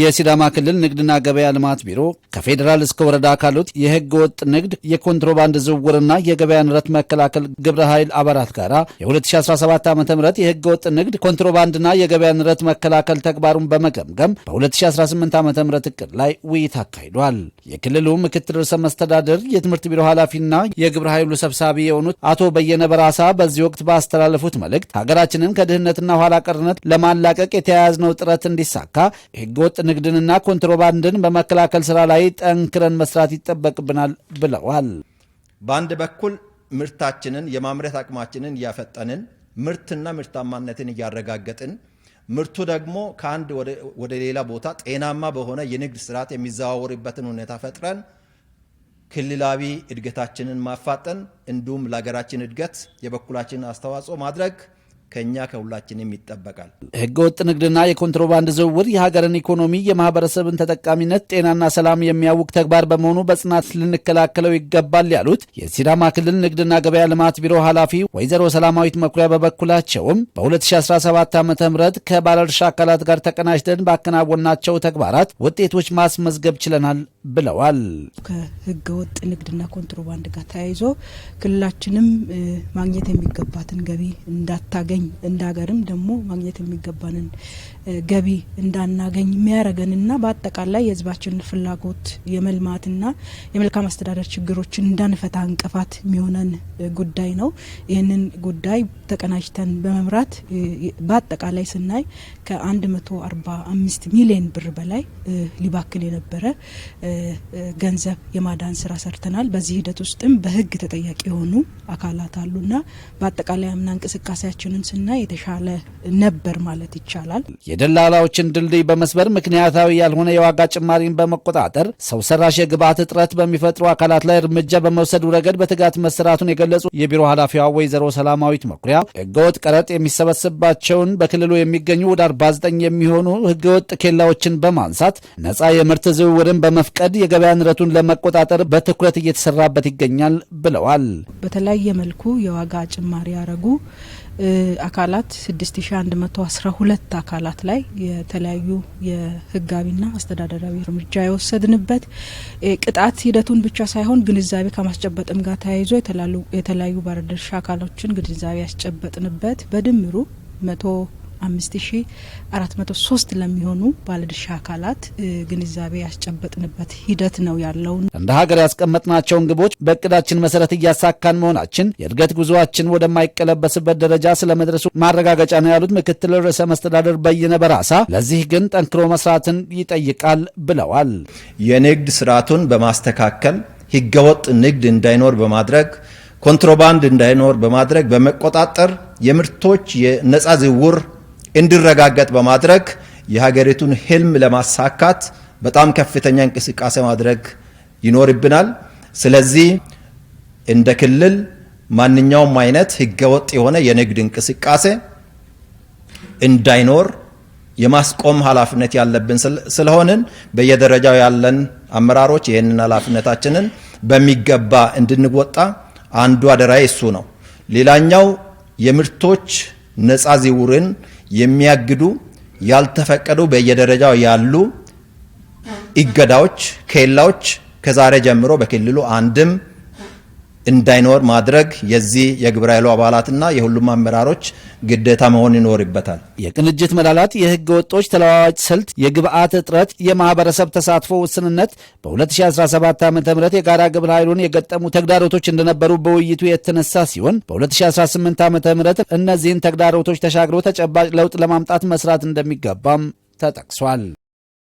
የሲዳማ ክልል ንግድና ገበያ ልማት ቢሮ ከፌዴራል እስከ ወረዳ ካሉት የህገ ወጥ ንግድ የኮንትሮባንድ ዝውውርና የገበያ ንረት መከላከል ግብረ ኃይል አባላት ጋራ የ2017 ዓ ም የሕገ ወጥ ንግድ ኮንትሮባንድና የገበያ ንረት መከላከል ተግባሩን በመገምገም በ2018 ዓ ም እቅድ ላይ ውይይት አካሂዷል። የክልሉ ምክትል ርዕሰ መስተዳድር የትምህርት ቢሮ ኃላፊና የግብረ ኃይሉ ሰብሳቢ የሆኑት አቶ በየነ በራሳ በዚህ ወቅት ባስተላለፉት መልእክት ሀገራችንን ከድህነትና ኋላ ቀርነት ለማላቀቅ የተያያዝነው ጥረት እንዲሳካ ሕገ ወጥ ንግድንና ኮንትሮባንድን በመከላከል ስራ ላይ ጠንክረን መስራት ይጠበቅብናል ብለዋል። በአንድ በኩል ምርታችንን የማምረት አቅማችንን እያፈጠንን ምርትና ምርታማነትን እያረጋገጥን ምርቱ ደግሞ ከአንድ ወደ ሌላ ቦታ ጤናማ በሆነ የንግድ ስርዓት የሚዘዋወርበትን ሁኔታ ፈጥረን ክልላዊ እድገታችንን ማፋጠን እንዲሁም ለሀገራችን እድገት የበኩላችንን አስተዋጽኦ ማድረግ ከኛ ከሁላችንም ይጠበቃል። ወጥ ንግድና የኮንትሮባንድ ዝውውር የሀገርን ኢኮኖሚ፣ የማህበረሰብን ተጠቃሚነት፣ ጤናና ሰላም የሚያውቅ ተግባር በመሆኑ በጽናት ልንከላከለው ይገባል ያሉት የሲዳማ ክልል ንግድና ገበያ ልማት ቢሮ ኃላፊ ወይዘሮ ሰላማዊት መኩሪያ በበኩላቸውም በ2017 ዓ ም ከባለድርሻ አካላት ጋር ተቀናጅተን ባከናወናቸው ተግባራት ውጤቶች ማስመዝገብ ችለናል ብለዋል። ከህገወጥ ንግድና ኮንትሮባንድ ጋር ተያይዞ ክልላችንም ማግኘት የሚገባትን ገቢ እንዳታገኝ እንደ ሀገርም ደግሞ ማግኘት የሚገባንን ገቢ እንዳናገኝ የሚያደርገንና በአጠቃላይ የህዝባችንን ፍላጎት የመልማትና የመልካም አስተዳደር ችግሮችን እንዳንፈታ እንቅፋት የሚሆነን ጉዳይ ነው። ይህንን ጉዳይ ተቀናጅተን በመምራት በአጠቃላይ ስናይ ከ145 ሚሊዮን ብር በላይ ሊባክን የነበረ ገንዘብ የማዳን ስራ ሰርተናል። በዚህ ሂደት ውስጥም በህግ ተጠያቂ የሆኑ አካላት አሉና በአጠቃላይ አምና እንቅስቃሴያችንን ስናይ የተሻለ ነበር ማለት ይቻላል። የደላላዎችን ድልድይ በመስበር ምክንያታዊ ያልሆነ የዋጋ ጭማሪን በመቆጣጠር ሰው ሰራሽ የግብአት እጥረት በሚፈጥሩ አካላት ላይ እርምጃ በመውሰዱ ረገድ በትጋት መሰራቱን የገለጹ የቢሮ ኃላፊዋ ወይዘሮ ሰላማዊት መኩሪያ ህገወጥ ቀረጥ የሚሰበስባቸውን በክልሉ የሚገኙ ወደ 49 የሚሆኑ ህገወጥ ኬላዎችን በማንሳት ነጻ የምርት ዝውውርን በመፍቀድ በመፍቀድ የገበያ ንረቱን ለመቆጣጠር በትኩረት እየተሰራበት ይገኛል ብለዋል። በተለያየ መልኩ የዋጋ ጭማሪ ያረጉ አካላት 6112 አካላት ላይ የተለያዩ የህጋዊና አስተዳደራዊ እርምጃ የወሰድንበት ቅጣት ሂደቱን ብቻ ሳይሆን ግንዛቤ ከማስጨበጥም ጋር ተያይዞ የተለያዩ ባለድርሻ አካሎችን ግንዛቤ ያስጨበጥንበት በድምሩ መቶ አምስት ሺ አራት መቶ ሶስት ለሚሆኑ ባለድርሻ አካላት ግንዛቤ ያስጨበጥንበት ሂደት ነው ያለውን እንደ ሀገር ያስቀመጥናቸውን ግቦች በእቅዳችን መሰረት እያሳካን መሆናችን የእድገት ጉዞአችን ወደማይቀለበስበት ደረጃ ስለመድረሱ ማረጋገጫ ነው ያሉት ምክትል ርዕሰ መስተዳደር በየነ በራሳ ለዚህ ግን ጠንክሮ መስራትን ይጠይቃል ብለዋል። የንግድ ስርዓቱን በማስተካከል ህገወጥ ንግድ እንዳይኖር በማድረግ ኮንትሮባንድ እንዳይኖር በማድረግ በመቆጣጠር የምርቶች የነፃ ዝውውር እንዲረጋገጥ በማድረግ የሀገሪቱን ህልም ለማሳካት በጣም ከፍተኛ እንቅስቃሴ ማድረግ ይኖርብናል። ስለዚህ እንደ ክልል ማንኛውም አይነት ህገወጥ የሆነ የንግድ እንቅስቃሴ እንዳይኖር የማስቆም ኃላፊነት ያለብን ስለሆንን በየደረጃው ያለን አመራሮች ይህንን ኃላፊነታችንን በሚገባ እንድንወጣ አንዱ አደራዬ እሱ ነው። ሌላኛው የምርቶች ነፃ ዝውውርን የሚያግዱ ያልተፈቀዱ በየደረጃው ያሉ እገዳዎች፣ ኬላዎች ከዛሬ ጀምሮ በክልሉ አንድም እንዳይኖር ማድረግ የዚህ የግብረ ኃይሉ አባላትና የሁሉም አመራሮች ግዴታ መሆን ይኖርበታል። የቅንጅት መላላት፣ የህገ ወጦች ተለዋዋጭ ስልት፣ የግብአት እጥረት፣ የማህበረሰብ ተሳትፎ ውስንነት በ2017 ዓ ም የጋራ ግብረ ኃይሉን የገጠሙ ተግዳሮቶች እንደነበሩ በውይይቱ የተነሳ ሲሆን በ2018 ዓ ም እነዚህን ተግዳሮቶች ተሻግሮ ተጨባጭ ለውጥ ለማምጣት መስራት እንደሚገባም ተጠቅሷል።